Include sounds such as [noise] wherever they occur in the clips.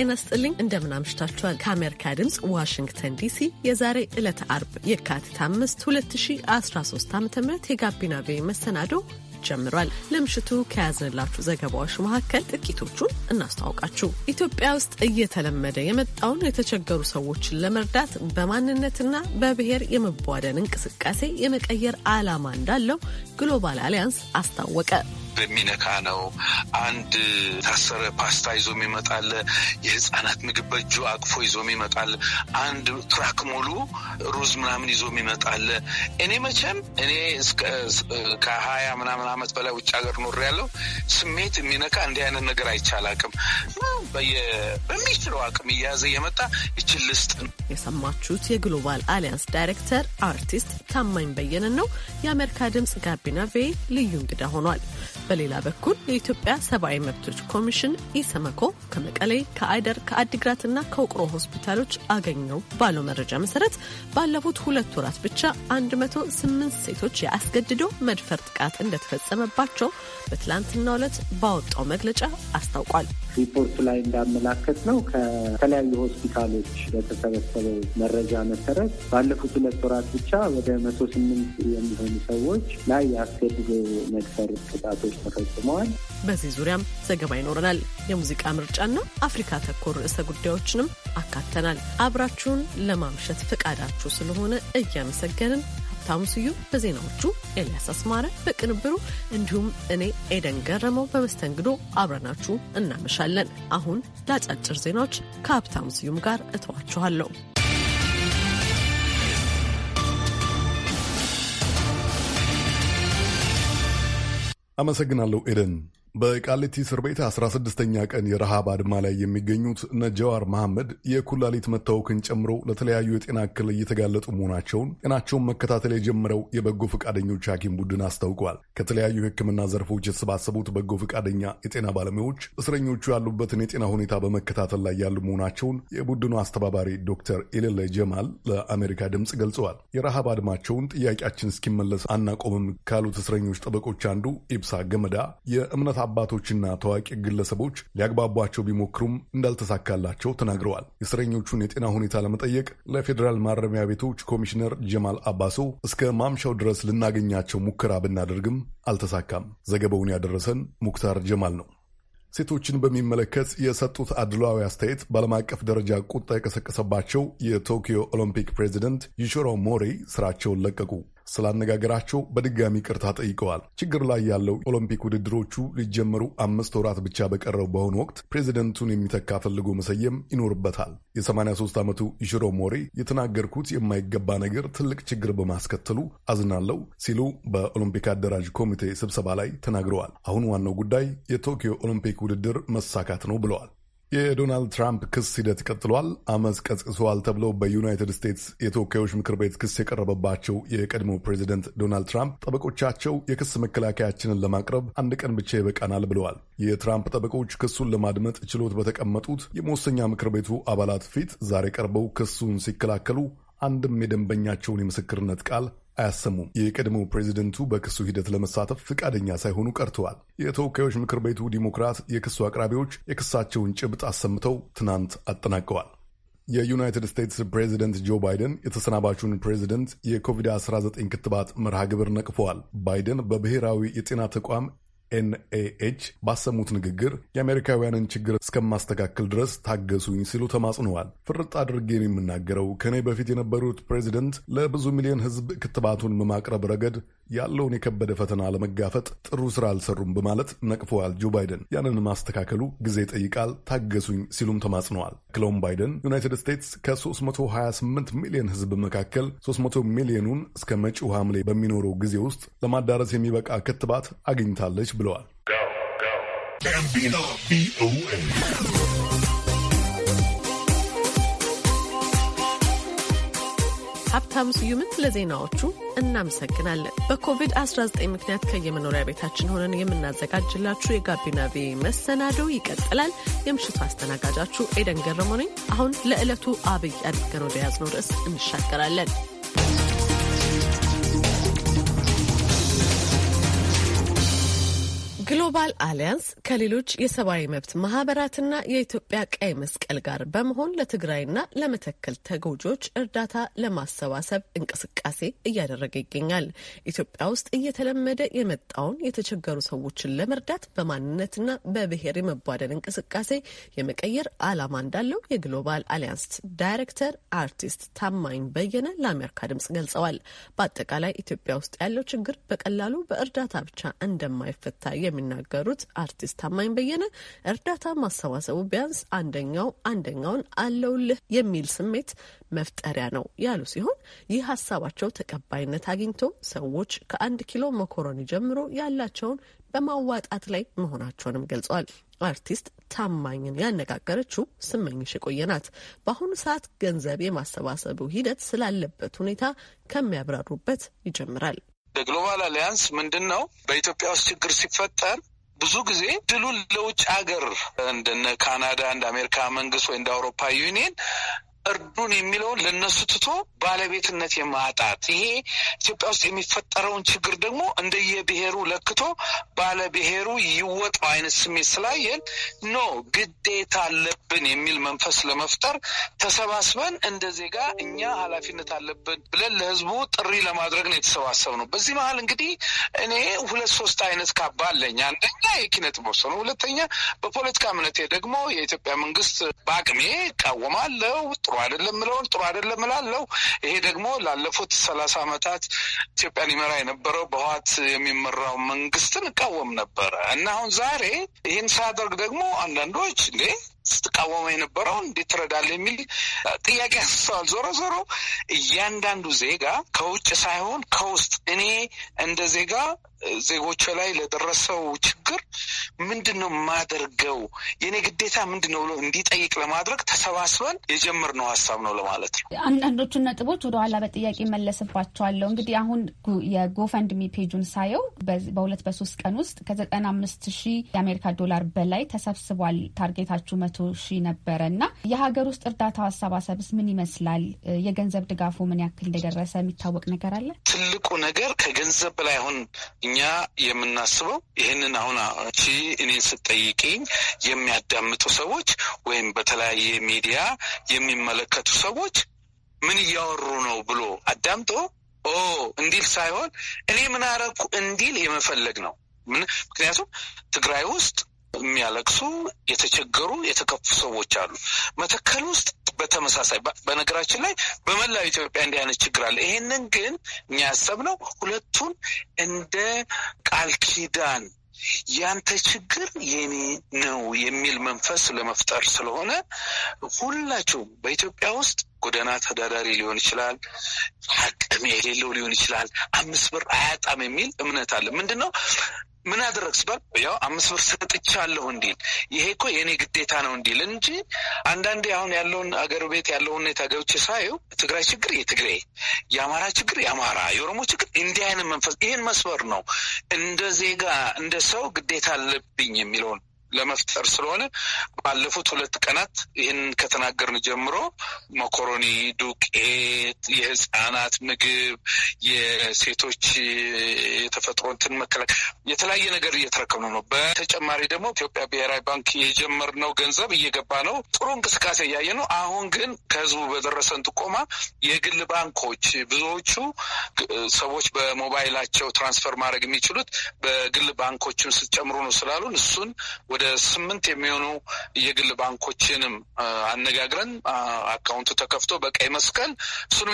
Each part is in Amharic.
ጤና ስጥልኝ። እንደምን አምሽታችኋል? ከአሜሪካ ድምፅ ዋሽንግተን ዲሲ የዛሬ ዕለተ አርብ የካቲት አምስት 2013 ዓ ም የጋቢና ቤ መሰናዶ ጀምሯል። ለምሽቱ ከያዝንላችሁ ዘገባዎች መካከል ጥቂቶቹን እናስተዋውቃችሁ። ኢትዮጵያ ውስጥ እየተለመደ የመጣውን የተቸገሩ ሰዎችን ለመርዳት በማንነትና በብሔር የመቧደን እንቅስቃሴ የመቀየር ዓላማ እንዳለው ግሎባል አሊያንስ አስታወቀ። ልብ የሚነካ ነው። አንድ ታሰረ ፓስታ ይዞ ይመጣል። የህፃናት ምግብ በእጁ አቅፎ ይዞ ይመጣል። አንድ ትራክ ሙሉ ሩዝ ምናምን ይዞ ይመጣል። እኔ መቼም እኔ ከሀያ ምናምን ዓመት በላይ ውጭ ሀገር ኖር ያለው ስሜት የሚነካ እንዲህ አይነት ነገር አይቻል አቅም በሚችለው አቅም እያያዘ እየመጣ ይችል ልስጥ ነው። የሰማችሁት የግሎባል አሊያንስ ዳይሬክተር አርቲስት ታማኝ በየነን ነው። የአሜሪካ ድምጽ ጋቢና ቬ ልዩ እንግዳ ሆኗል። በሌላ በኩል የኢትዮጵያ ሰብአዊ መብቶች ኮሚሽን ኢሰመኮ ከመቀሌ፣ ከአይደር፣ ከአዲግራት እና ከውቅሮ ሆስፒታሎች አገኘው ባለው መረጃ መሰረት ባለፉት ሁለት ወራት ብቻ 108 ሴቶች የአስገድዶ መድፈር ጥቃት እንደተፈጸመባቸው በትላንትናው ዕለት ባወጣው መግለጫ አስታውቋል። ሪፖርቱ ላይ እንዳመላከት ነው ከተለያዩ ሆስፒታሎች በተሰበሰበው መረጃ መሰረት ባለፉት ሁለት ወራት ብቻ ወደ መቶ ስምንት የሚሆኑ ሰዎች ላይ የአስገድዶ መድፈር ቅጣቶች ተፈጽመዋል። በዚህ ዙሪያም ዘገባ ይኖረናል። የሙዚቃ ምርጫና አፍሪካ ተኮር ርዕሰ ጉዳዮችንም አካተናል። አብራችሁን ለማምሸት ፈቃዳችሁ ስለሆነ እያመሰገንን ሀብታሙ ስዩም በዜናዎቹ፣ ኤልያስ አስማረ በቅንብሩ እንዲሁም እኔ ኤደን ገረመው በመስተንግዶ አብረናችሁ እናመሻለን። አሁን ለአጫጭር ዜናዎች ከሀብታሙ ስዩም ጋር እተዋችኋለሁ። አመሰግናለሁ ኤደን። በቃሊቲ እስር ቤት 16ኛ ቀን የረሃብ አድማ ላይ የሚገኙት ነጀዋር መሐመድ የኩላሊት መታወክን ጨምሮ ለተለያዩ የጤና እክል እየተጋለጡ መሆናቸውን ጤናቸውን መከታተል የጀመረው የበጎ ፈቃደኞች ሐኪም ቡድን አስታውቋል። ከተለያዩ የሕክምና ዘርፎች የተሰባሰቡት በጎ ፈቃደኛ የጤና ባለሙያዎች እስረኞቹ ያሉበትን የጤና ሁኔታ በመከታተል ላይ ያሉ መሆናቸውን የቡድኑ አስተባባሪ ዶክተር ኢሌለ ጀማል ለአሜሪካ ድምፅ ገልጸዋል። የረሃብ አድማቸውን ጥያቄያችን እስኪመለስ አናቆምም ካሉት እስረኞች ጠበቆች አንዱ ኢብሳ ገመዳ የእምነት አባቶችና ታዋቂ ግለሰቦች ሊያግባቧቸው ቢሞክሩም እንዳልተሳካላቸው ተናግረዋል። የእስረኞቹን የጤና ሁኔታ ለመጠየቅ ለፌዴራል ማረሚያ ቤቶች ኮሚሽነር ጀማል አባሶ እስከ ማምሻው ድረስ ልናገኛቸው ሙከራ ብናደርግም አልተሳካም። ዘገባውን ያደረሰን ሙክታር ጀማል ነው። ሴቶችን በሚመለከት የሰጡት አድሏዊ አስተያየት በዓለም አቀፍ ደረጃ ቁጣ የቀሰቀሰባቸው የቶኪዮ ኦሎምፒክ ፕሬዚደንት ዩሽሮ ሞሬ ስራቸውን ለቀቁ። ስላነጋገራቸው በድጋሚ ቅርታ ጠይቀዋል። ችግር ላይ ያለው ኦሎምፒክ ውድድሮቹ ሊጀመሩ አምስት ወራት ብቻ በቀረው በአሁኑ ወቅት ፕሬዚደንቱን የሚተካ ፈልጎ መሰየም ይኖርበታል። የ83 ዓመቱ ኢሽሮ ሞሬ የተናገርኩት የማይገባ ነገር ትልቅ ችግር በማስከተሉ አዝናለሁ ሲሉ በኦሎምፒክ አደራጅ ኮሚቴ ስብሰባ ላይ ተናግረዋል። አሁን ዋናው ጉዳይ የቶኪዮ ኦሎምፒክ ውድድር መሳካት ነው ብለዋል። የዶናልድ ትራምፕ ክስ ሂደት ቀጥሏል። አመፅ ቀስቅሰዋል ተብለው በዩናይትድ ስቴትስ የተወካዮች ምክር ቤት ክስ የቀረበባቸው የቀድሞ ፕሬዚደንት ዶናልድ ትራምፕ ጠበቆቻቸው የክስ መከላከያችንን ለማቅረብ አንድ ቀን ብቻ ይበቃናል ብለዋል። የትራምፕ ጠበቆች ክሱን ለማድመጥ ችሎት በተቀመጡት የመወሰኛ ምክር ቤቱ አባላት ፊት ዛሬ ቀርበው ክሱን ሲከላከሉ አንድም የደንበኛቸውን የምስክርነት ቃል አያሰሙም። የቀድሞው ፕሬዚደንቱ በክሱ ሂደት ለመሳተፍ ፈቃደኛ ሳይሆኑ ቀርተዋል። የተወካዮች ምክር ቤቱ ዲሞክራት የክሱ አቅራቢዎች የክሳቸውን ጭብጥ አሰምተው ትናንት አጠናቀዋል። የዩናይትድ ስቴትስ ፕሬዚደንት ጆ ባይደን የተሰናባቹን ፕሬዚደንት የኮቪድ-19 ክትባት መርሃ ግብር ነቅፈዋል። ባይደን በብሔራዊ የጤና ተቋም ኤንኤኤች ባሰሙት ንግግር የአሜሪካውያንን ችግር እስከማስተካከል ድረስ ታገሱኝ ሲሉ ተማጽነዋል። ፍርጥ አድርጌ የምናገረው። ከእኔ በፊት የነበሩት ፕሬዚደንት ለብዙ ሚሊዮን ሕዝብ ክትባቱን በማቅረብ ረገድ ያለውን የከበደ ፈተና ለመጋፈጥ ጥሩ ስራ አልሰሩም በማለት ነቅፈዋል። ጆ ባይደን ያንን ማስተካከሉ ጊዜ ይጠይቃል፣ ታገሱኝ ሲሉም ተማጽነዋል። አክለውም ባይደን ዩናይትድ ስቴትስ ከ328 ሚሊዮን ህዝብ መካከል 300 ሚሊዮኑን እስከ መጪው ሐምሌ በሚኖረው ጊዜ ውስጥ ለማዳረስ የሚበቃ ክትባት አግኝታለች ብለዋል። ሀብታሙ ስዩምን ለዜናዎቹ እናመሰግናለን። በኮቪድ-19 ምክንያት ከየመኖሪያ ቤታችን ሆነን የምናዘጋጅላችሁ የጋቢና ቪ መሰናዶው ይቀጥላል። የምሽቱ አስተናጋጃችሁ ኤደን ገረመ አሁን ለዕለቱ አብይ አድርገን ወደ ያዝነው ርዕስ እንሻገራለን። ግሎባል አሊያንስ ከሌሎች የሰብአዊ መብት ማህበራትና የኢትዮጵያ ቀይ መስቀል ጋር በመሆን ለትግራይና ለመተከል ተጎጂዎች እርዳታ ለማሰባሰብ እንቅስቃሴ እያደረገ ይገኛል። ኢትዮጵያ ውስጥ እየተለመደ የመጣውን የተቸገሩ ሰዎችን ለመርዳት በማንነትና በብሔር የመቧደን እንቅስቃሴ የመቀየር ዓላማ እንዳለው የግሎባል አሊያንስ ዳይሬክተር አርቲስት ታማኝ በየነ ለአሜሪካ ድምጽ ገልጸዋል። በአጠቃላይ ኢትዮጵያ ውስጥ ያለው ችግር በቀላሉ በእርዳታ ብቻ እንደማይፈታ የሚናገሩት አርቲስት ታማኝ በየነ እርዳታ ማሰባሰቡ ቢያንስ አንደኛው አንደኛውን አለውልህ የሚል ስሜት መፍጠሪያ ነው ያሉ ሲሆን ይህ ሀሳባቸው ተቀባይነት አግኝቶ ሰዎች ከአንድ ኪሎ መኮረኒ ጀምሮ ያላቸውን በማዋጣት ላይ መሆናቸውንም ገልጸዋል። አርቲስት ታማኝን ያነጋገረችው ስመኝሽ የቆየ ናት። በአሁኑ ሰዓት ገንዘብ የማሰባሰቡ ሂደት ስላለበት ሁኔታ ከሚያብራሩበት ይጀምራል። በግሎባል አሊያንስ ምንድን ነው? በኢትዮጵያ ውስጥ ችግር ሲፈጠር ብዙ ጊዜ ድሉን ለውጭ ሀገር እንደነ ካናዳ እንደ አሜሪካ መንግስት ወይ እንደ አውሮፓ ዩኒየን እርዱን የሚለውን ለነሱ ትቶ ባለቤትነት የማጣት ይሄ ኢትዮጵያ ውስጥ የሚፈጠረውን ችግር ደግሞ እንደየብሔሩ ለክቶ ባለብሔሩ ይወጣው አይነት ስሜት ስላየን ኖ ግዴታ አለብን የሚል መንፈስ ለመፍጠር ተሰባስበን እንደ ዜጋ እኛ ኃላፊነት አለብን ብለን ለህዝቡ ጥሪ ለማድረግ ነው የተሰባሰብ ነው። በዚህ መሀል እንግዲህ እኔ ሁለት ሶስት አይነት ካባ አለኝ። አንደኛ የኪነት ቦርሶ ነው። ሁለተኛ በፖለቲካ እምነቴ ደግሞ የኢትዮጵያ መንግስት በአቅሜ እቃወማለሁ ጥሩ አይደለም ምለውን ጥሩ አይደለም ላለው ይሄ ደግሞ ላለፉት ሰላሳ ዓመታት ኢትዮጵያን ይመራ የነበረው በህዋት የሚመራው መንግስትን እቃወም ነበረ እና አሁን ዛሬ ይህን ሳያደርግ ደግሞ አንዳንዶች እንዴ ስትቃወመ የነበረው እንዴት ትረዳለ የሚል ጥያቄ አንስተዋል። ዞሮ ዞሮ እያንዳንዱ ዜጋ ከውጭ ሳይሆን ከውስጥ እኔ እንደ ዜጋ ዜጎች ላይ ለደረሰው ችግር ምንድን ነው የማደርገው የኔ ግዴታ ምንድን ነው ብሎ እንዲጠይቅ ለማድረግ ተሰባስበን የጀመርነው ሀሳብ ነው ለማለት ነው። አንዳንዶቹን ነጥቦች ወደኋላ በጥያቄ መለስባቸዋለሁ። እንግዲህ አሁን የጎፈንድሚ ፔጁን ሳየው በሁለት በሶስት ቀን ውስጥ ከዘጠና አምስት ሺህ የአሜሪካ ዶላር በላይ ተሰብስቧል። ታርጌታችሁ መቶ ሺህ ነበረ እና የሀገር ውስጥ እርዳታ አሰባሰብስ ምን ይመስላል? የገንዘብ ድጋፉ ምን ያክል እንደደረሰ የሚታወቅ ነገር አለ? ትልቁ ነገር ከገንዘብ በላይ አሁን እኛ የምናስበው ይህንን አሁን ቺ እኔን ስጠይቅኝ የሚያዳምጡ ሰዎች ወይም በተለያየ ሚዲያ የሚመለከቱ ሰዎች ምን እያወሩ ነው ብሎ አዳምጦ ኦ እንዲል ሳይሆን እኔ ምን አረኩ እንዲል የመፈለግ ነው። ምክንያቱም ትግራይ ውስጥ የሚያለቅሱ የተቸገሩ የተከፉ ሰዎች አሉ። መተከል ውስጥ በተመሳሳይ በነገራችን ላይ በመላው ኢትዮጵያ እንዲህ አይነት ችግር አለ። ይህንን ግን እኛ ያሰብነው ሁለቱን እንደ ቃል ኪዳን ያንተ ችግር የኔ ነው የሚል መንፈስ ለመፍጠር ስለሆነ ሁላችሁም በኢትዮጵያ ውስጥ ጎዳና ተዳዳሪ ሊሆን ይችላል፣ አቅም የሌለው ሊሆን ይችላል፣ አምስት ብር አያጣም የሚል እምነት አለ። ምንድን ነው ምን አደረግ ሲባል ያው አምስት ብር ሰጥቻለሁ እንዲል ይሄ እኮ የእኔ ግዴታ ነው እንዲል እንጂ አንዳንዴ አሁን ያለውን አገር ቤት ያለው ሁኔታ ገብቼ ሳየው ትግራይ ችግር የትግራይ የአማራ ችግር የአማራ፣ የኦሮሞ ችግር እንዲህ አይነት መንፈስ ይህን መስበር ነው እንደ ዜጋ እንደ ሰው ግዴታ አለብኝ የሚለውን ለመፍጠር ስለሆነ ባለፉት ሁለት ቀናት ይህን ከተናገርን ጀምሮ መኮሮኒ፣ ዱቄት፣ የህፃናት ምግብ፣ የሴቶች የተፈጥሮ እንትን የተለያየ ነገር እየተረከብን ነው። በተጨማሪ ደግሞ ኢትዮጵያ ብሔራዊ ባንክ የጀመርነው ገንዘብ እየገባ ነው። ጥሩ እንቅስቃሴ እያየ ነው። አሁን ግን ከህዝቡ በደረሰን ጥቆማ የግል ባንኮች ብዙዎቹ ሰዎች በሞባይላቸው ትራንስፈር ማድረግ የሚችሉት በግል ባንኮችም ስትጨምሩ ነው ስላሉን እሱን ወደ ወደ ስምንት የሚሆኑ የግል ባንኮችንም አነጋግረን አካውንቱ ተከፍቶ በቀይ መስቀል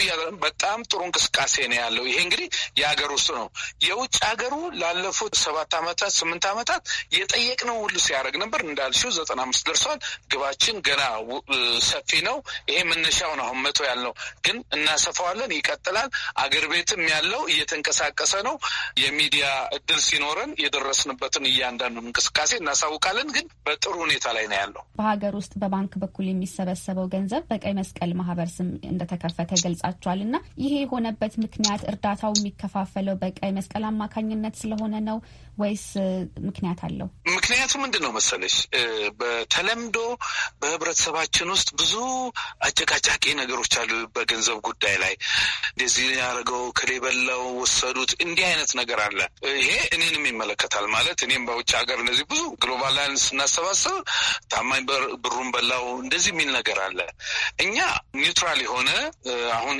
እያ በጣም ጥሩ እንቅስቃሴ ነው ያለው። ይሄ እንግዲህ የሀገር ውስጥ ነው። የውጭ ሀገሩ ላለፉት ሰባት ዓመታት ስምንት ዓመታት የጠየቅነው ሁሉ ሲያደርግ ነበር። እንዳልሽው ዘጠና አምስት ደርሷል። ግባችን ገና ሰፊ ነው። ይሄ መነሻው ነው። አሁን መቶ ያልነው ግን እናሰፋዋለን። ይቀጥላል። አገር ቤትም ያለው እየተንቀሳቀሰ ነው። የሚዲያ እድል ሲኖረን የደረስንበትን እያንዳንዱ እንቅስቃሴ እናሳውቃለን። አልቻለን፣ ግን በጥሩ ሁኔታ ላይ ነው ያለው። በሀገር ውስጥ በባንክ በኩል የሚሰበሰበው ገንዘብ በቀይ መስቀል ማህበር ስም እንደተከፈተ ገልጻቸዋል እና ይሄ የሆነበት ምክንያት እርዳታው የሚከፋፈለው በቀይ መስቀል አማካኝነት ስለሆነ ነው ወይስ ምክንያት አለው? ምክንያቱ ምንድን ነው መሰለሽ፣ በተለምዶ በህብረተሰባችን ውስጥ ብዙ አጨቃጫቂ ነገሮች አሉ። በገንዘብ ጉዳይ ላይ እንደዚህ ያደረገው ክሌ በላው ወሰዱት፣ እንዲህ አይነት ነገር አለ። ይሄ እኔንም ይመለከታል ማለት እኔም በውጭ ሀገር እነዚህ ብዙ ግሎባል ላይ ስናሰባስብ ታማኝ ብሩን በላው እንደዚህ የሚል ነገር አለ። እኛ ኒውትራል የሆነ አሁን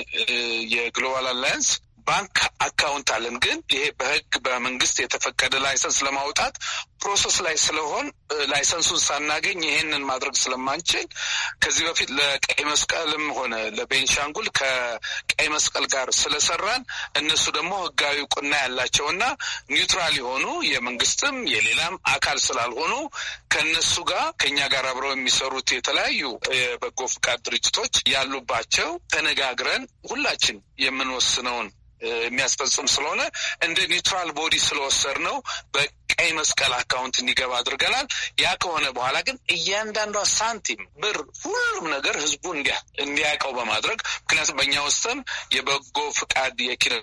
የግሎባል አላያንስ ባንክ አካውንት አለን። ግን ይሄ በህግ በመንግስት የተፈቀደ ላይሰንስ ለማውጣት ፕሮሰስ ላይ ስለሆን ላይሰንሱን ሳናገኝ ይሄንን ማድረግ ስለማንችል ከዚህ በፊት ለቀይ መስቀልም ሆነ ለቤንሻንጉል ከቀይ መስቀል ጋር ስለሰራን እነሱ ደግሞ ህጋዊ እውቅና ያላቸውና ኒውትራል የሆኑ የመንግስትም የሌላም አካል ስላልሆኑ ከነሱ ጋር ከኛ ጋር አብረው የሚሰሩት የተለያዩ የበጎ ፍቃድ ድርጅቶች ያሉባቸው ተነጋግረን ሁላችን የምንወስነውን የሚያስፈጽም ስለሆነ እንደ ኒውትራል ቦዲ ስለወሰድ ነው ቀይ መስቀል አካውንት እንዲገባ አድርገናል። ያ ከሆነ በኋላ ግን እያንዳንዷ ሳንቲም፣ ብር፣ ሁሉም ነገር ህዝቡ እንዲያውቀው በማድረግ ምክንያቱም በእኛ ውስጥም የበጎ ፍቃድ የኪነ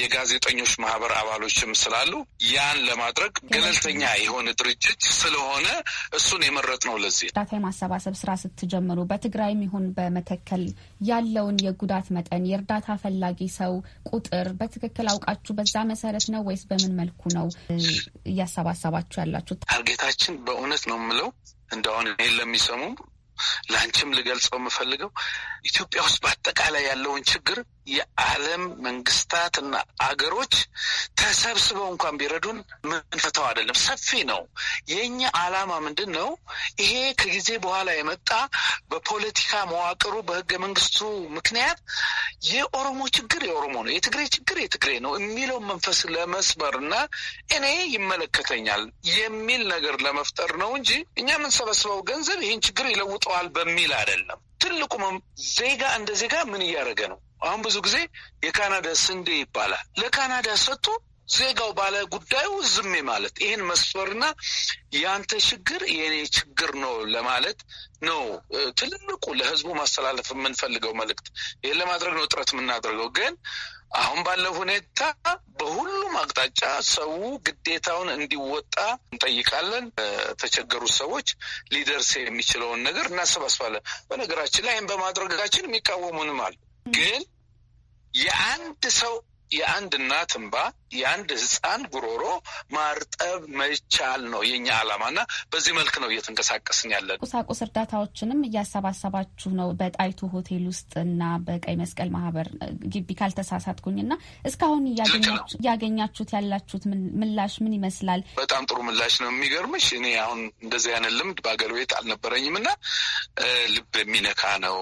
የጋዜጠኞች ማህበር አባሎችም ስላሉ ያን ለማድረግ ገለልተኛ የሆነ ድርጅት ስለሆነ እሱን የመረጥ ነው ለዚህ እርዳታ የማሰባሰብ ስራ ስትጀምሩ በትግራይም ይሁን በመተከል ያለውን የጉዳት መጠን የእርዳታ ፈላጊ ሰው ቁጥር በትክክል አውቃችሁ በዛ መሰረት ነው ወይስ በምን መልኩ ነው እያሰባሰባችሁ ያላችሁ ታርጌታችን? በእውነት ነው የምለው እንደሁን ይህን ለሚሰሙ ለአንቺም ልገልጸው የምፈልገው ኢትዮጵያ ውስጥ በአጠቃላይ ያለውን ችግር የዓለም እና አገሮች ተሰብስበው እንኳን ቢረዱን ምንፈተው አይደለም፣ ሰፊ ነው። የእኛ አላማ ምንድን ነው? ይሄ ከጊዜ በኋላ የመጣ በፖለቲካ መዋቅሩ በህገ መንግስቱ ምክንያት የኦሮሞ ችግር የኦሮሞ ነው፣ የትግሬ ችግር የትግሬ ነው የሚለው መንፈስ ለመስበር እና እኔ ይመለከተኛል የሚል ነገር ለመፍጠር ነው እንጂ እኛ የምንሰበስበው ገንዘብ ይህን ችግር ይለውጠ ተለውጠዋል በሚል አይደለም። ትልቁ ዜጋ እንደ ዜጋ ምን እያደረገ ነው? አሁን ብዙ ጊዜ የካናዳ ስንዴ ይባላል። ለካናዳ ሰጥቶ ዜጋው ባለ ጉዳዩ ዝሜ ማለት ይህን መስፈርና የአንተ ችግር የእኔ ችግር ነው ለማለት ነው። ትልቁ ለህዝቡ ማስተላለፍ የምንፈልገው መልእክት ይህን ለማድረግ ነው ጥረት የምናደርገው ግን አሁን ባለው ሁኔታ በሁሉም አቅጣጫ ሰው ግዴታውን እንዲወጣ እንጠይቃለን። ተቸገሩ ሰዎች ሊደርስ የሚችለውን ነገር እናሰባስባለን። በነገራችን ላይ ይህን በማድረጋችን የሚቃወሙንም አሉ። ግን የአንድ ሰው የአንድ እናት እንባ የአንድ ህፃን ጉሮሮ ማርጠብ መቻል ነው የኛ ዓላማና በዚህ መልክ ነው እየተንቀሳቀስን ያለን። ቁሳቁስ እርዳታዎችንም እያሰባሰባችሁ ነው በጣይቱ ሆቴል ውስጥ እና በቀይ መስቀል ማህበር ግቢ ካልተሳሳትኩኝ እና እስካሁን እያገኛችሁት ያላችሁት ምላሽ ምን ይመስላል? በጣም ጥሩ ምላሽ ነው። የሚገርምሽ እኔ አሁን እንደዚህ አይነት ልምድ በአገር ቤት አልነበረኝም እና ልብ የሚነካ ነው።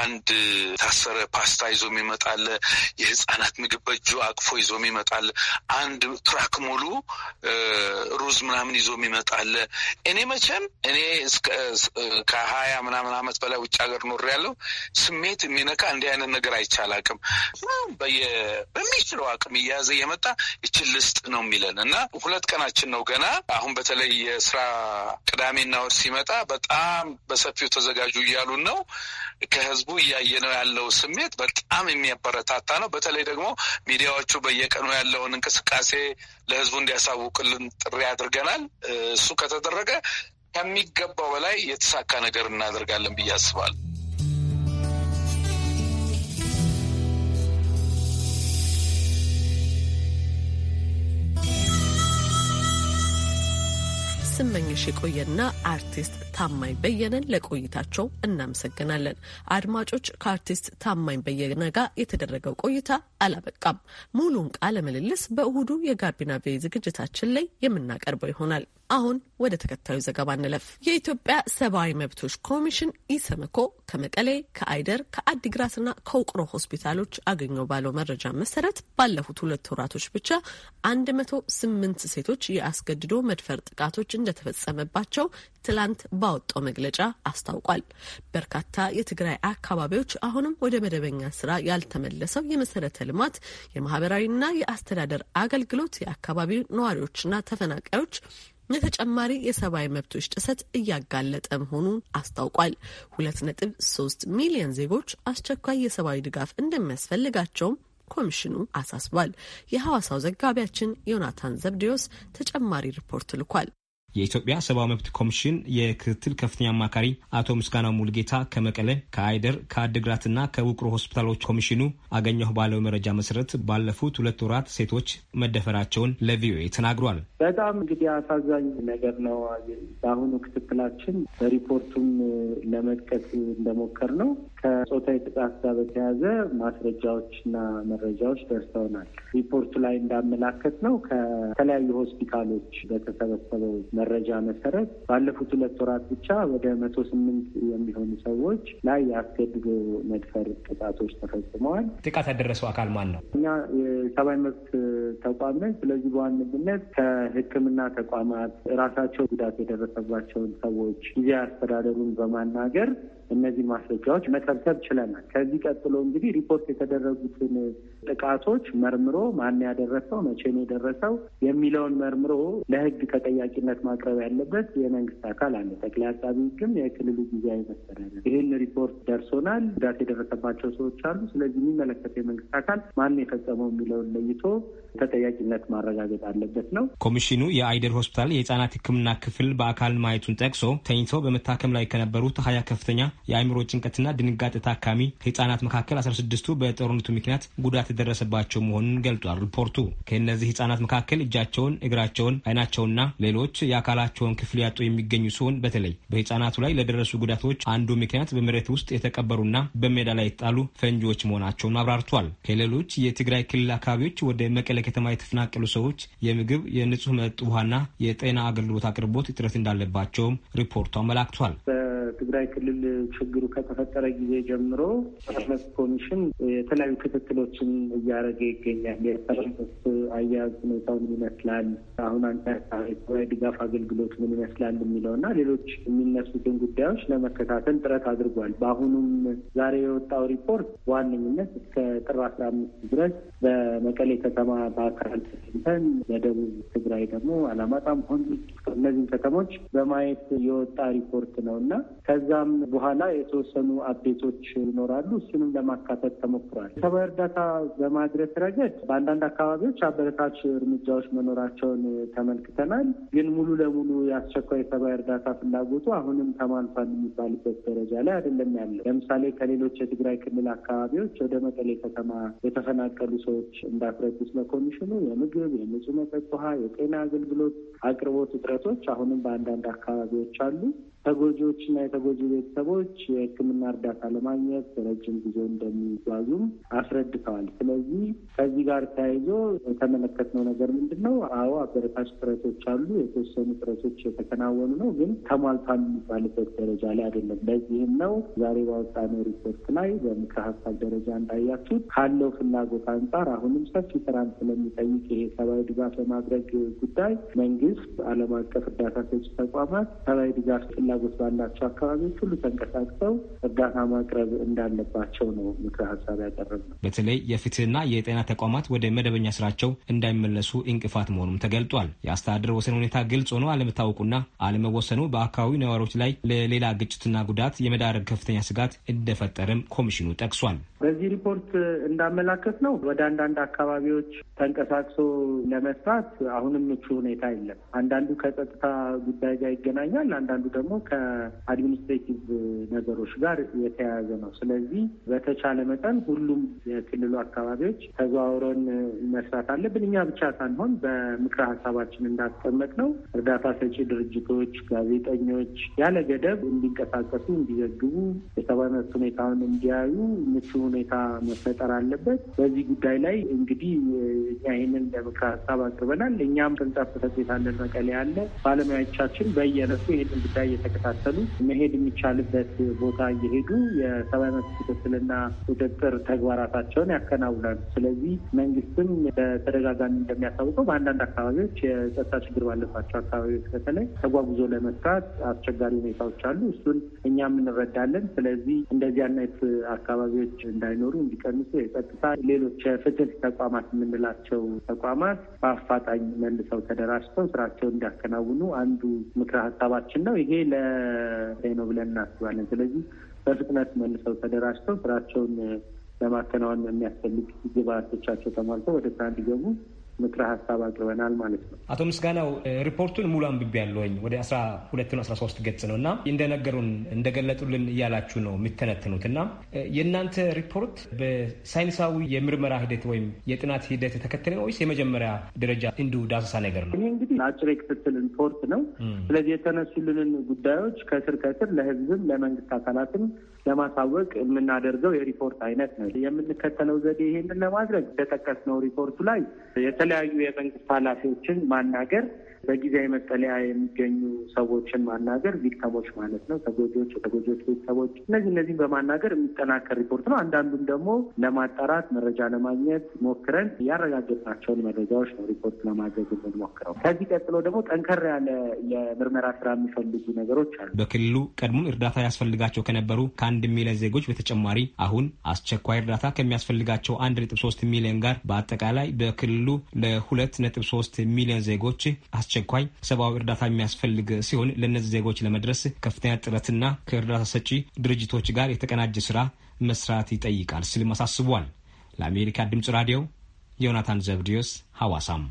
አንድ ታሰረ ፓስታ ይዞ የሚመጣለ የህፃናት ምግብ በእጁ አቅፎ ይዞ የሚመጣለ አንድ ትራክ ሙሉ ሩዝ ምናምን ይዞ የሚመጣ አለ። እኔ መቼም እኔ ከሀያ ምናምን ዓመት በላይ ውጭ ሀገር ኖር ያለው ስሜት የሚነካ እንዲህ አይነት ነገር አይቻል አቅም በሚችለው አቅም እየያዘ እየመጣ ይችን ልስጥ ነው የሚለን እና ሁለት ቀናችን ነው ገና። አሁን በተለይ የስራ ቅዳሜና ወር ሲመጣ በጣም በሰፊው ተዘጋጁ እያሉን ነው። ከህዝቡ እያየ ነው ያለው ስሜት በጣም የሚያበረታታ ነው። በተለይ ደግሞ ሚዲያዎቹ በየቀኑ ያለው ያለውን እንቅስቃሴ ለህዝቡ እንዲያሳውቅልን ጥሪ አድርገናል። እሱ ከተደረገ ከሚገባው በላይ የተሳካ ነገር እናደርጋለን ብዬ አስባለሁ። ስመኝሽ የቆየና አርቲስት ታማኝ በየነን ለቆይታቸው እናመሰግናለን። አድማጮች ከአርቲስት ታማኝ በየነ ጋር የተደረገው ቆይታ አላበቃም። ሙሉን ቃለ ምልልስ በእሁዱ የጋቢና ቪ ዝግጅታችን ላይ የምናቀርበው ይሆናል። አሁን ወደ ተከታዩ ዘገባ እንለፍ። የኢትዮጵያ ሰብአዊ መብቶች ኮሚሽን ኢሰመኮ ከመቀሌ፣ ከአይደር፣ ከአዲግራትና ከውቅሮ ሆስፒታሎች አገኘው ባለው መረጃ መሰረት ባለፉት ሁለት ወራቶች ብቻ 108 ሴቶች የአስገድዶ መድፈር ጥቃቶች እንደተፈጸመባቸው ትላንት ባወጣው መግለጫ አስታውቋል። በርካታ የትግራይ አካባቢዎች አሁንም ወደ መደበኛ ስራ ያልተመለሰው የመሰረተ ልማት፣ የማህበራዊና የአስተዳደር አገልግሎት የአካባቢው ነዋሪዎችና ተፈናቃዮች ለተጨማሪ የሰብአዊ መብቶች ጥሰት እያጋለጠ መሆኑን አስታውቋል። ሁለት ነጥብ ሶስት ሚሊዮን ዜጎች አስቸኳይ የሰብአዊ ድጋፍ እንደሚያስፈልጋቸውም ኮሚሽኑ አሳስቧል። የሐዋሳው ዘጋቢያችን ዮናታን ዘብዴዎስ ተጨማሪ ሪፖርት ልኳል። የኢትዮጵያ ሰብአዊ መብት ኮሚሽን የክትትል ከፍተኛ አማካሪ አቶ ምስጋናው ሙልጌታ ከመቀለ ከአይደር ከአድግራትና ከውቅሮ ሆስፒታሎች ኮሚሽኑ አገኘሁ ባለው መረጃ መሰረት ባለፉት ሁለት ወራት ሴቶች መደፈራቸውን ለቪኦኤ ተናግሯል። በጣም እንግዲህ አሳዛኝ ነገር ነው። በአሁኑ ክትትላችን በሪፖርቱም ለመጥቀስ እንደሞከር ነው ከጾታዊ ጥቃት ጋር በተያያዘ ማስረጃዎችና መረጃዎች ደርሰውናል። ሪፖርቱ ላይ እንዳመላከት ነው ከተለያዩ ሆስፒታሎች በተሰበሰበው መረጃ መሰረት ባለፉት ሁለት ወራት ብቻ ወደ መቶ ስምንት የሚሆኑ ሰዎች ላይ የአስገድዶ መድፈር ጥቃቶች ተፈጽመዋል። ጥቃት ያደረሰው አካል ማን ነው? እኛ የሰብአዊ መብት ተቋም ነን። ስለዚህ በዋነኝነት ከሕክምና ተቋማት ራሳቸው ጉዳት የደረሰባቸውን ሰዎች ጊዜ አስተዳደሩን በማናገር እነዚህ ማስረጃዎች መሰብሰብ ችለናል። ከዚህ ቀጥሎ እንግዲህ ሪፖርት የተደረጉትን ጥቃቶች መርምሮ ማን ያደረሰው፣ መቼ ነው የደረሰው የሚለውን መርምሮ ለሕግ ተጠያቂነት ማቅረብ ያለበት የመንግስት አካል አለ። ጠቅላይ አቃቢ ሕግም የክልሉ ጊዜያዊ መስተዳድር ይህን ሪፖርት ደርሶናል፣ ጉዳት የደረሰባቸው ሰዎች አሉ። ስለዚህ የሚመለከተው የመንግስት አካል ማን የፈጸመው የሚለውን ለይቶ ተጠያቂነት ማረጋገጥ አለበት ነው። ኮሚሽኑ የአይደር ሆስፒታል የህጻናት ሕክምና ክፍል በአካል ማየቱን ጠቅሶ ተኝተው በመታከም ላይ ከነበሩት ሀያ ከፍተኛ የአእምሮ ጭንቀትና ድንጋጤ ታካሚ ህጻናት መካከል 16ቱ በጦርነቱ ምክንያት ጉዳት የደረሰባቸው መሆኑን ገልጧል ሪፖርቱ። ከእነዚህ ህጻናት መካከል እጃቸውን፣ እግራቸውን፣ አይናቸውና ሌሎች የአካላቸውን ክፍል ያጡ የሚገኙ ሲሆን በተለይ በህጻናቱ ላይ ለደረሱ ጉዳቶች አንዱ ምክንያት በመሬት ውስጥ የተቀበሩና በሜዳ ላይ የተጣሉ ፈንጂዎች መሆናቸውን አብራርቷል። ከሌሎች የትግራይ ክልል አካባቢዎች ወደ መቀለ ከተማ የተፈናቀሉ ሰዎች የምግብ የንጹህ መጠጥ ውሃና የጤና አገልግሎት አቅርቦት እጥረት እንዳለባቸውም ሪፖርቱ አመላክቷል። በትግራይ ክልል ችግሩ ከተፈጠረ ጊዜ ጀምሮ ጦርነት ኮሚሽን የተለያዩ ክትትሎችን እያደረገ ይገኛል። የጦርነት አያያዝ ሁኔታው ምን ይመስላል፣ አሁን አንጻራዊ ድጋፍ አገልግሎት ምን ይመስላል የሚለው እና ሌሎች የሚነሱትን ጉዳዮች ለመከታተል ጥረት አድርጓል። በአሁኑም ዛሬ የወጣው ሪፖርት በዋነኝነት እስከ ጥር አስራ አምስት ድረስ በመቀሌ ከተማ በአካል ተገኝተን በደቡብ ትግራይ ደግሞ አላማጣም ሆን እነዚህም ከተሞች በማየት የወጣ ሪፖርት ነው እና ከዛም በኋላ የተወሰኑ አፕዴቶች ይኖራሉ። እሱንም ለማካተት ተሞክሯል። ሰብአዊ እርዳታ በማድረስ ረገድ በአንዳንድ አካባቢዎች አበረታች እርምጃዎች መኖራቸውን ተመልክተናል። ግን ሙሉ ለሙሉ የአስቸኳይ ሰብዊ እርዳታ ፍላጎቱ አሁንም ተሟልቷል የሚባልበት ደረጃ ላይ አይደለም ያለ ለምሳሌ ከሌሎች የትግራይ ክልል አካባቢዎች ወደ መቀሌ ከተማ የተፈናቀሉ ሰዎች እንዳስረዱት ለኮሚሽኑ የምግብ፣ የንጹህ መጠጥ ውሃ፣ የጤና አገልግሎት አቅርቦት እጥረቶች አሁንም በአንዳንድ አካባቢዎች አሉ። ተጎጂዎች እና የተጎጂ ቤተሰቦች የሕክምና እርዳታ ለማግኘት ረጅም ጊዜ እንደሚጓዙም አስረድተዋል። ስለዚህ ከዚህ ጋር ተያይዞ የተመለከትነው ነገር ምንድን ነው? አዎ አበረታች ጥረቶች አሉ። የተወሰኑ ጥረቶች የተከናወኑ ነው፣ ግን ተሟልቷል የሚባልበት ደረጃ ላይ አይደለም። ለዚህም ነው ዛሬ ባወጣነው ሪፖርት ላይ በምክረ ሀሳብ ደረጃ እንዳያችሁት ካለው ፍላጎት አንጻር አሁንም ሰፊ ስራን ስለሚጠይቅ ይሄ ሰብአዊ ድጋፍ ለማድረግ ጉዳይ መንግስት፣ ዓለም አቀፍ እርዳታ ሰጪ ተቋማት ሰብአዊ ድጋፍ ፍላጎት ባላቸው አካባቢዎች ሁሉ ተንቀሳቅሰው እርዳታ ማቅረብ እንዳለባቸው ነው ምክረ ሀሳብ ያቀረብ ነው። በተለይ የፍትህና የጤና ተቋማት ወደ መደበኛ ስራቸው እንዳይመለሱ እንቅፋት መሆኑም ተገልጧል። የአስተዳደር ወሰን ሁኔታ ግልጽ ሆኖ አለመታወቁና አለመወሰኑ በአካባቢው ነዋሪዎች ላይ ለሌላ ግጭትና ጉዳት የመዳረግ ከፍተኛ ስጋት እንደፈጠረም ኮሚሽኑ ጠቅሷል። በዚህ ሪፖርት እንዳመላከት ነው ወደ አንዳንድ አካባቢዎች ተንቀሳቅሶ ለመስራት አሁንም ምቹ ሁኔታ የለም። አንዳንዱ ከጸጥታ ጉዳይ ጋር ይገናኛል፣ አንዳንዱ ደግሞ ከአድሚኒስትሬቲቭ ነገሮች ጋር የተያያዘ ነው። ስለዚህ በተቻለ መጠን ሁሉም የክልሉ አካባቢዎች ተዘዋውረን መስራት አለብን። እኛ ብቻ ሳንሆን በምክረ ሀሳባችን እንዳስቀመጥ ነው እርዳታ ሰጪ ድርጅቶች፣ ጋዜጠኞች ያለ ገደብ እንዲንቀሳቀሱ፣ እንዲዘግቡ፣ የሰብአዊ መብት ሁኔታውን እንዲያዩ ምቹ ሁኔታ መፈጠር አለበት። በዚህ ጉዳይ ላይ እንግዲህ እኛ ይህንን ለምክረ ሀሳብ አቅርበናል። እኛም ቅርንጫፍ ጽሕፈት ቤት አለን፣ መቀሌ ያለ ባለሙያዎቻችን በየነሱ ይህንን ጉዳይ እየተከታተሉ መሄድ የሚቻልበት ቦታ እየሄዱ የሰብአዊ መብት ክትትልና ቁጥጥር ተግባራታቸውን ያከናውናሉ። ስለዚህ መንግስትም በተደጋጋሚ እንደሚያሳውቀው በአንዳንድ አካባቢዎች የጸጥታ ችግር ባለባቸው አካባቢዎች በተለይ ተጓጉዞ ለመስራት አስቸጋሪ ሁኔታዎች አሉ። እሱን እኛም እንረዳለን። ስለዚህ እንደዚህ አይነት አካባቢዎች እንዳይኖሩ እንዲቀንሱ የጸጥታ ሌሎች የፍትህ ተቋማት የምንላቸው ተቋማት በአፋጣኝ መልሰው ተደራጅተው ስራቸውን እንዲያከናውኑ አንዱ ምክረ ሀሳባችን ነው። ይሄ ለ ጉዳይ ነው ብለን እናስባለን። ስለዚህ በፍጥነት መልሰው ተደራጅተው ስራቸውን ለማከናወን የሚያስፈልግ ግብአቶቻቸው ተሟልተው ወደ ስራ እንዲገቡ ምክረ ሀሳብ አቅርበናል ማለት ነው። አቶ ምስጋናው ሪፖርቱን ሙሉ አንብቤ ያለውኝ ወደ አስራ ሁለት ነው አስራ ሶስት ገጽ ነው እና እንደነገሩን እንደገለጡልን እያላችሁ ነው የምተነትኑት እና የእናንተ ሪፖርት በሳይንሳዊ የምርመራ ሂደት ወይም የጥናት ሂደት የተከተለ ነው ወይስ የመጀመሪያ ደረጃ እንዲሁ ዳሰሳ ነገር ነው? ይህ እንግዲህ አጭር የክትትል ሪፖርት ነው። ስለዚህ የተነሱልንን ጉዳዮች ከስር ከስር ለህዝብም ለመንግስት አካላትም ለማሳወቅ የምናደርገው የሪፖርት አይነት ነው። የምንከተለው ዘዴ ይሄንን ለማድረግ ነው ሪፖርቱ ላይ የተለያዩ የመንግስት ኃላፊዎችን ማናገር በጊዜያዊ መጠለያ የሚገኙ ሰዎችን ማናገር ቪክተሞች ማለት ነው፣ ተጎጆች፣ የተጎጆች ቤተሰቦች እነዚህ እነዚህም በማናገር የሚጠናከር ሪፖርት ነው። አንዳንዱም ደግሞ ለማጣራት መረጃ ለማግኘት ሞክረን ያረጋገጥናቸውን መረጃዎች ነው ሪፖርት ለማድረግ የምንሞክረው። ከዚህ ቀጥሎ ደግሞ ጠንከር ያለ የምርመራ ስራ የሚፈልጉ ነገሮች አሉ። በክልሉ ቀድሞን እርዳታ ያስፈልጋቸው ከነበሩ ከአንድ ሚሊዮን ዜጎች በተጨማሪ አሁን አስቸኳይ እርዳታ ከሚያስፈልጋቸው አንድ ነጥብ ሶስት ሚሊዮን ጋር በአጠቃላይ በክልሉ ለሁለት ነጥብ ሶስት ሚሊዮን ዜጎች አስቸ አስቸኳይ ሰብአዊ እርዳታ የሚያስፈልግ ሲሆን ለእነዚህ ዜጎች ለመድረስ ከፍተኛ ጥረትና ከእርዳታ ሰጪ ድርጅቶች ጋር የተቀናጀ ስራ መስራት ይጠይቃል ሲልም አሳስቧል። ለአሜሪካ ድምጽ ራዲዮ ዮናታን ዘብዲዮስ ሐዋሳም።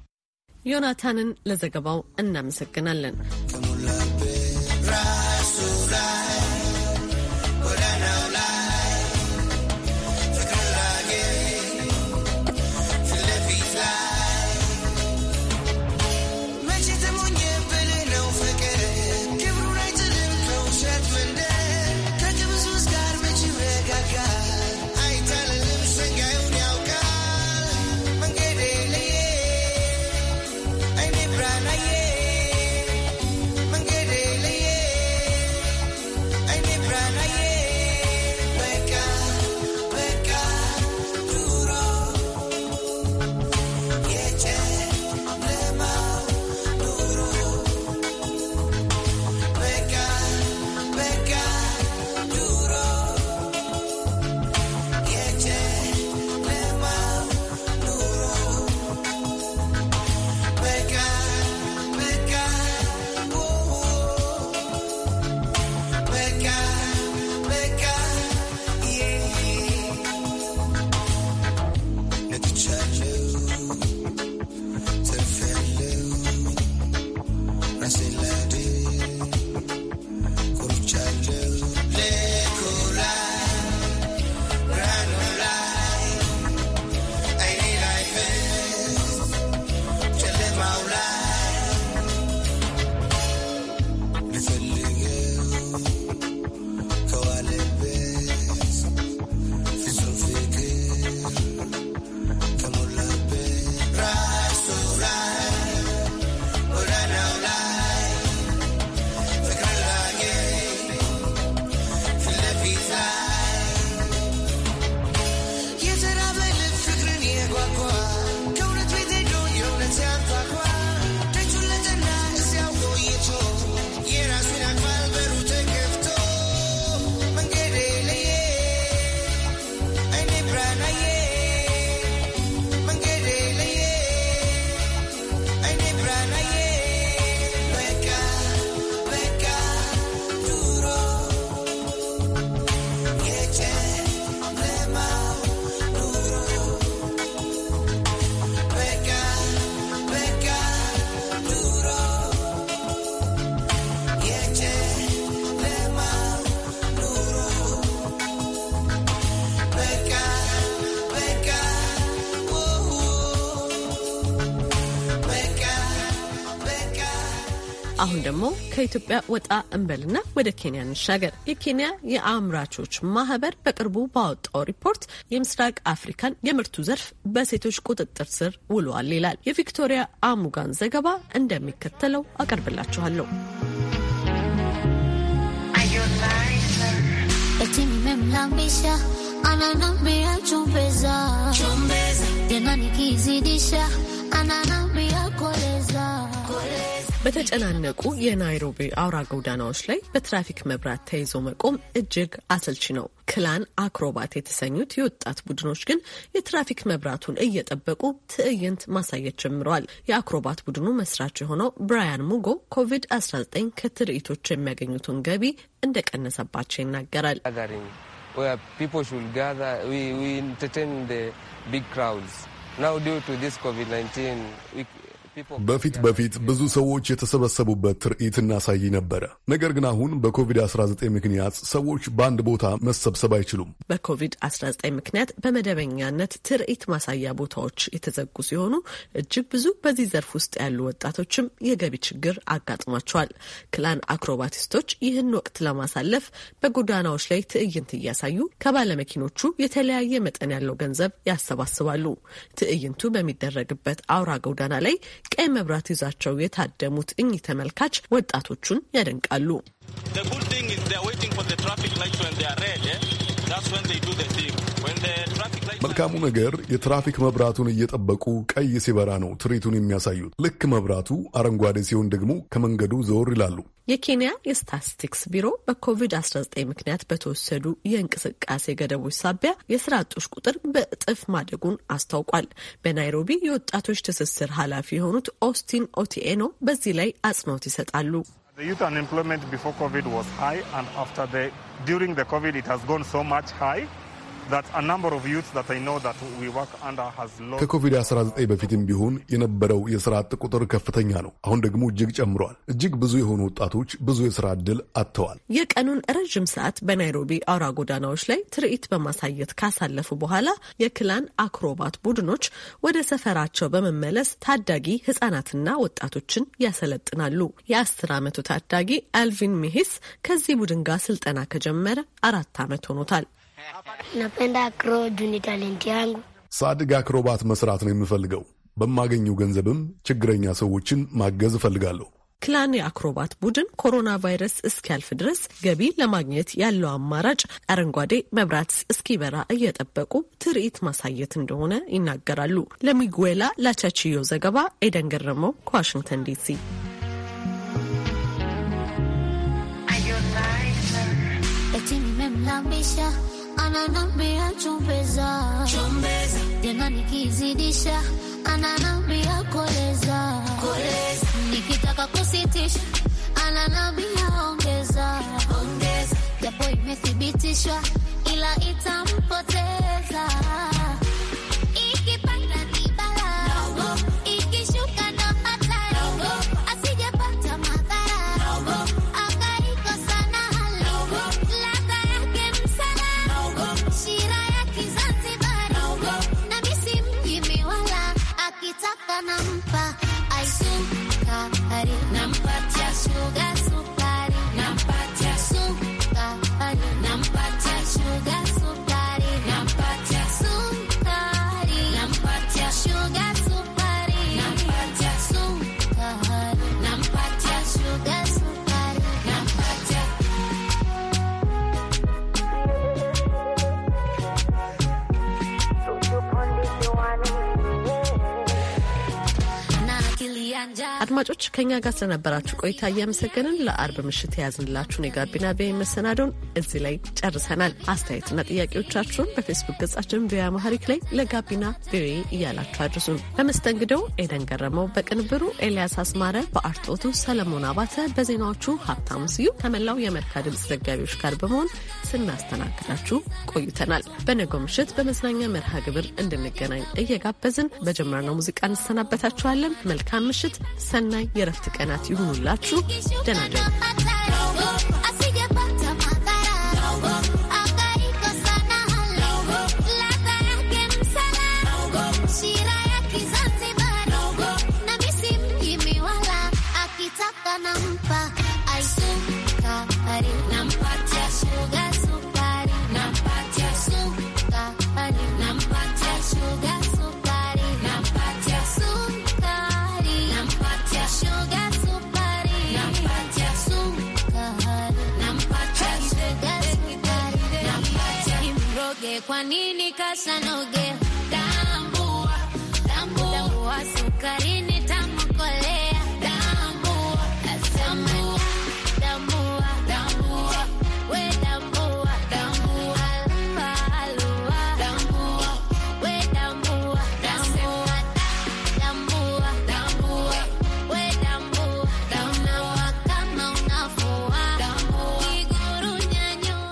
ዮናታንን ለዘገባው እናመሰግናለን። ከኢትዮጵያ ወጣ እንበልና ወደ ኬንያ እንሻገር። የኬንያ የአምራቾች ማህበር በቅርቡ ባወጣው ሪፖርት የምስራቅ አፍሪካን የምርቱ ዘርፍ በሴቶች ቁጥጥር ስር ውሏል ይላል። የቪክቶሪያ አሙጋን ዘገባ እንደሚከተለው አቀርብላችኋለሁ። ananambia chumbeza tena nikizidisha ananambia በተጨናነቁ የናይሮቢ አውራ ጎዳናዎች ላይ በትራፊክ መብራት ተይዞ መቆም እጅግ አሰልቺ ነው። ክላን አክሮባት የተሰኙት የወጣት ቡድኖች ግን የትራፊክ መብራቱን እየጠበቁ ትዕይንት ማሳየት ጀምረዋል። የአክሮባት ቡድኑ መስራች የሆነው ብራያን ሙጎ ኮቪድ-19 ከትርኢቶች የሚያገኙትን ገቢ እንደቀነሰባቸው ይናገራል። በፊት በፊት ብዙ ሰዎች የተሰበሰቡበት ትርኢት እናሳይ ነበረ። ነገር ግን አሁን በኮቪድ-19 ምክንያት ሰዎች በአንድ ቦታ መሰብሰብ አይችሉም። በኮቪድ-19 ምክንያት በመደበኛነት ትርኢት ማሳያ ቦታዎች የተዘጉ ሲሆኑ እጅግ ብዙ በዚህ ዘርፍ ውስጥ ያሉ ወጣቶችም የገቢ ችግር አጋጥሟቸዋል። ክላን አክሮባቲስቶች ይህን ወቅት ለማሳለፍ በጎዳናዎች ላይ ትዕይንት እያሳዩ ከባለመኪኖቹ የተለያየ መጠን ያለው ገንዘብ ያሰባስባሉ። ትዕይንቱ በሚደረግበት አውራ ጎዳና ላይ ቀይ መብራት ይዛቸው የታደሙት እኚህ ተመልካች ወጣቶቹን ያደንቃሉ። መልካሙ ነገር የትራፊክ መብራቱን እየጠበቁ ቀይ ሲበራ ነው ትርኢቱን የሚያሳዩት። ልክ መብራቱ አረንጓዴ ሲሆን ደግሞ ከመንገዱ ዘወር ይላሉ። የኬንያ የስታቲስቲክስ ቢሮ በኮቪድ-19 ምክንያት በተወሰዱ የእንቅስቃሴ ገደቦች ሳቢያ የስራ አጦች ቁጥር በእጥፍ ማደጉን አስታውቋል። በናይሮቢ የወጣቶች ትስስር ኃላፊ የሆኑት ኦስቲን ኦቲኤኖ በዚህ ላይ አጽንኦት ይሰጣሉ። ዩት ከኮቪድ-19 በፊትም ቢሆን የነበረው የሥራ አጥ ቁጥር ከፍተኛ ነው። አሁን ደግሞ እጅግ ጨምሯል። እጅግ ብዙ የሆኑ ወጣቶች ብዙ የሥራ ዕድል አጥተዋል። የቀኑን ረዥም ሰዓት በናይሮቢ አውራ ጎዳናዎች ላይ ትርኢት በማሳየት ካሳለፉ በኋላ የክላን አክሮባት ቡድኖች ወደ ሰፈራቸው በመመለስ ታዳጊ ሕፃናትና ወጣቶችን ያሰለጥናሉ። የአስር ዓመቱ ታዳጊ አልቪን ሚሄስ ከዚህ ቡድን ጋር ስልጠና ከጀመረ አራት ዓመት ሆኖታል። [laughs] napenda kurudi ni talenti yangu። ሳድግ አክሮባት መስራት ነው የምፈልገው። በማገኘው ገንዘብም ችግረኛ ሰዎችን ማገዝ እፈልጋለሁ። ክላን የአክሮባት ቡድን ኮሮና ቫይረስ እስኪያልፍ ድረስ ገቢ ለማግኘት ያለው አማራጭ አረንጓዴ መብራት እስኪበራ እየጠበቁ ትርኢት ማሳየት እንደሆነ ይናገራሉ። ለሚጉዌላ ላቻችዮ ዘገባ ኤደን ገረመው ከዋሽንግተን ዲሲ። ananambia chumbeza, chumbeza. Tena nikizidisha ananambia koleza, koleza. Nikitaka kusitisha ananambia ongeza, ongeza. Japo imethibitishwa ila itampoteza አድማጮች ከእኛ ጋር ስለነበራችሁ ቆይታ እያመሰገንን ለአርብ ምሽት የያዝንላችሁን የጋቢና ቪ መሰናዶን እዚህ ላይ ጨርሰናል። አስተያየትና ጥያቄዎቻችሁን በፌስቡክ ገጻችን ቪያ ማሪክ ላይ ለጋቢና ቪኦኤ እያላችሁ አድርሱን። በመስተንግደው ኤደን ገረመው፣ በቅንብሩ ኤልያስ አስማረ፣ በአርጦቱ ሰለሞን አባተ፣ በዜናዎቹ ሀብታሙ ስዩ ከመላው የአሜሪካ ድምፅ ዘጋቢዎች ጋር በመሆን ስናስተናግዳችሁ ቆይተናል። በነገው ምሽት በመዝናኛ መርሃ ግብር እንድንገናኝ እየጋበዝን በጀመርነው ሙዚቃ እንሰናበታችኋለን። መልካም ምሽት ሰን ሰናይ የረፍት ቀናት ይሁኑላችሁ። ደናደ because I know